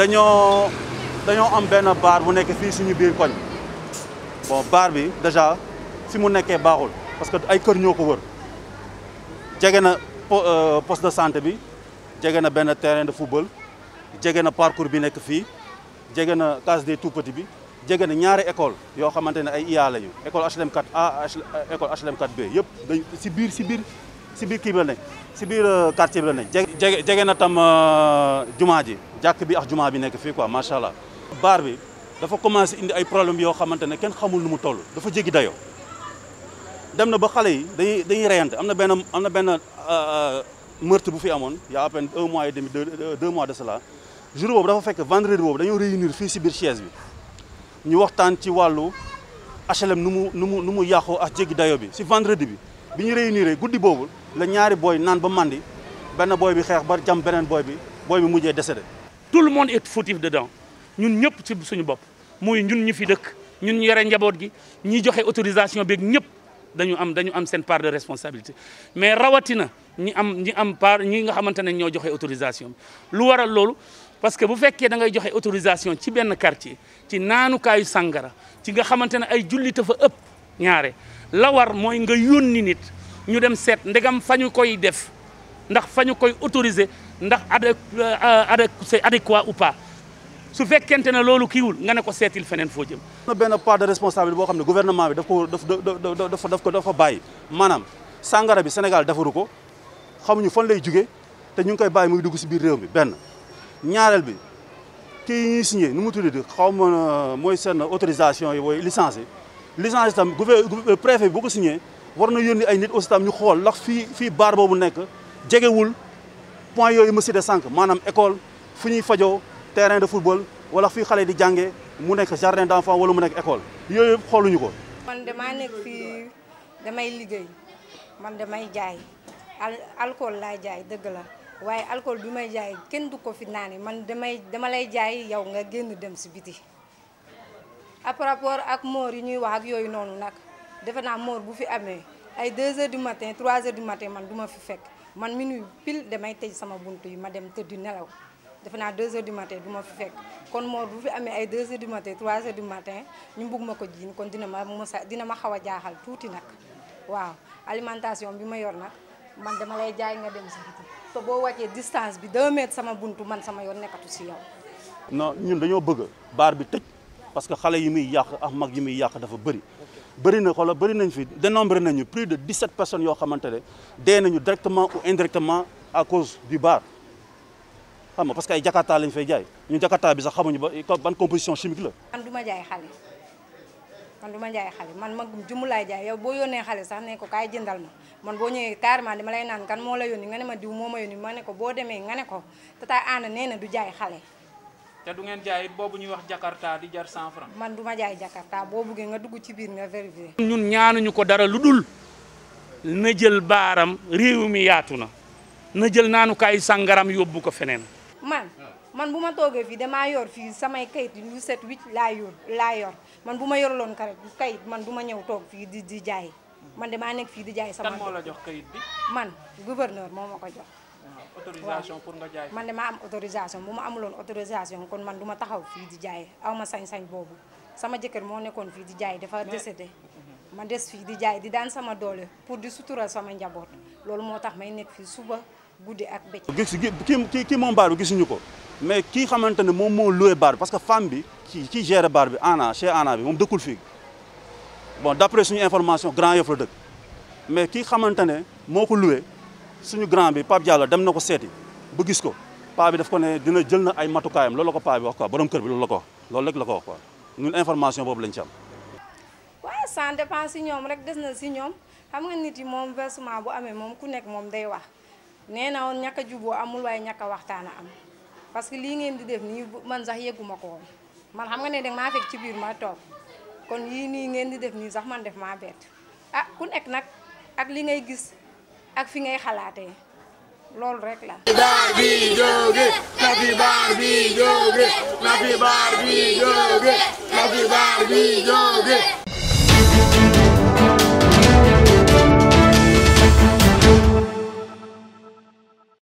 dañoo dañoo am benn baar bu nekk fii suñu biir koñ bon baar bi déjà si mu nekkee baaxul parce que ay kër ñoo ko wër jege na euh, poste de santé bi jege na benn terrain de football jege na parcours bi nekk fii jege na case de tout-petits bi jege na ñaari école yoo xamante ne ay IA lañu école HLM 4A euh, école HLM 4B yëpp dañ si biir si biir si biir kii bi la ne si biir euh, quartier bi la ne jege jege na tam euh, jumaa ji jàkk bi ak jumaa bi nekk fii quoi macha allah. baar bi dafa commencé indi ay problème yoo xamante ne kenn xamul nu mu toll dafa jéggi dayoo dem na ba xale yi dañuy dañuy reyante am na benn am na benn meurtre bu fi amoon y a à peine un mois et demi deux mois de cela jour boobu dafa fekk vendredi boobu dañoo réunir fii si biir chaise bi. ñu waxtaan ci wàllu HLM nu mu nu mu nu mu yàqoo ak jéggi dayo bi si vendredi bi bi ñu réunir guddi boobu la ñaari booy naan ba màndi benn booy bi xeex ba jam beneen booy bi booy bi mujjee décédé tout le monde footive de dedans ñun ñëpp ci suñu bopp muy ñun ñu fi dëkk ñun ñu yore njaboot gi ñi joxe autorisation beeg ñëpp dañu am dañu am seen part de responsabilité mais rawatina ñi am ñi am part ñi nga xamante ne ñoo joxe autorisation bi lu waral loolu parce que bu fekkee dangay joxe autorisation ci benn quartier ci naanukaayu sàngara ci nga xamante ne ay jullit a fa ëpp ñaare lawar war mooy nga yónni nit ñu dem seet ndegam fa ñu koy def ndax fañu koy autoriser ndax adé euh, adé c'est adéquat ou pas su fekkente ne loolu kiiwul nga ne ko seetil feneen foo jëm. benn part de responsabilité boo xam ne gouvernement bi daf ko daf daf daf ko dafa bàyyi maanaam sàngara bi Sénégal defaru ko xamuñu fan lay jugee te ñu ngi koy bàyyi muy dugg si biir réew mi benn. ñaaral bi té ñi signé nu mu tuddati xaw ma euh, mooy seen autorisation yoy licence licence tam gouver préfet bu ko signé war na yónni ay nit aussi tam ñu xool ndax fi fii baar boobu nekk jegewul point yooyu ma cité sank manam école fu ñuy fajo terrain de football wala fi xalé di jangé mu nek jardin d'enfant wala mu nek école yoy yëpp ko. man dama nek fi damay liggéey man damay jaay al alcool la jaay deug la. waaye alcool bi may jaay kenn du ko fi naane man damay dama lay jaay yow nga génn dem si biti à rapport ak moor yi ñuy wax ak yooyu noonu nag defe naa moor bu fi amee ay 2 heures du matin trois heures du matin man du ma fi fekk man minuit pile damay tëj sama buntu yi ma dem tëdd nelaw defe naa 2 heures du matin ma fi fekk kon moor bu fi amee ay 2 heures du matin 3 heures du matin ñu bugg ma ko jiin kon dina ma mosa dina ma xaw a jaaxal tuuti nag waaw alimentation bi ma yor nag man dama lay jaay nga dem si biti te boo une distance bi 2 mètres sama buntu man sama yow. non parce que xalé yi muy ak mag yi dafa bëri. plus de 17 personnes directement ou indirectement à cause du bar. parce que ay jakarta lañ fay jaay ñu bi sax xamuñu ban composition chimique man duma jaay xale man ma jumu laay jaay yow bo yone xale sax ne ko kay jindal ma man boo tar carrément dama lay naan kan mo la yoni nga ne ma diw moma ma ma ne ko bo démé nga ne ko tata ana nee du jaay xale té du ngeen jaay it ñuy wax jakarta di jar 100 francs man duma jaay jakarta bo buggee nga dugg ci biir nga vérifier ñun ñaanuñu ko dara luddul na jël baram réew mi yaatu na jël nanu kay sangaram yobbu ko fenen man man bu toge fi dama yor fi samay kayit lu set wit la yor la yor man bu ma lon karet kayit man du ñew tok fi di di jaay man dama nek fi di jaay sama. kan mo la jox kayit bi. man gouverneur momako ma jox. Ah, autorisation pour nga jaay. man dama am autorisation buma ma autorisation kon man duma taxaw fi di jaay awma sañ-sañ bobu sama jëkkër mo nekkon fi di jaay dafa décédé. ma dess fi di jaay di daan sama doole pour di sutural sama njabot loolu motax may nek fi suba guddi ak gis ki ki ko. mais qui xamante ne mon moo loué bar parce que femme bi qui gère bar bi ana chez ana bi moom dëkkul fii bon d'après suñu information Grand Yoff la mais qui xamante ne moo ko loué suñu grand bi Pape Diallo dem na ko seeti ba gis ko paa bi daf ko ne dina jël na ay matukaayam loolu la ko bi wax quoi borom on bi loolu la ko wax rek ko wax quoi ñun information pour lañ ci am. waaw ça dépend si rek des na si ñoom xam nga nit yi moom versement bu mon moom ku nekk moom day wax nee na woon ñàkk a amul a am. parce que lii ngeen di def nii man sax yëgguma ko woon man xam nga ne danga maa fekk ci biir ma toog kon yii nii ngeen di def nii sax man def maa bett ah ku nekk nag ak li ngay gis ak fi ngay xalaate loolu rek la baar bi jóge na fi baar bi jóge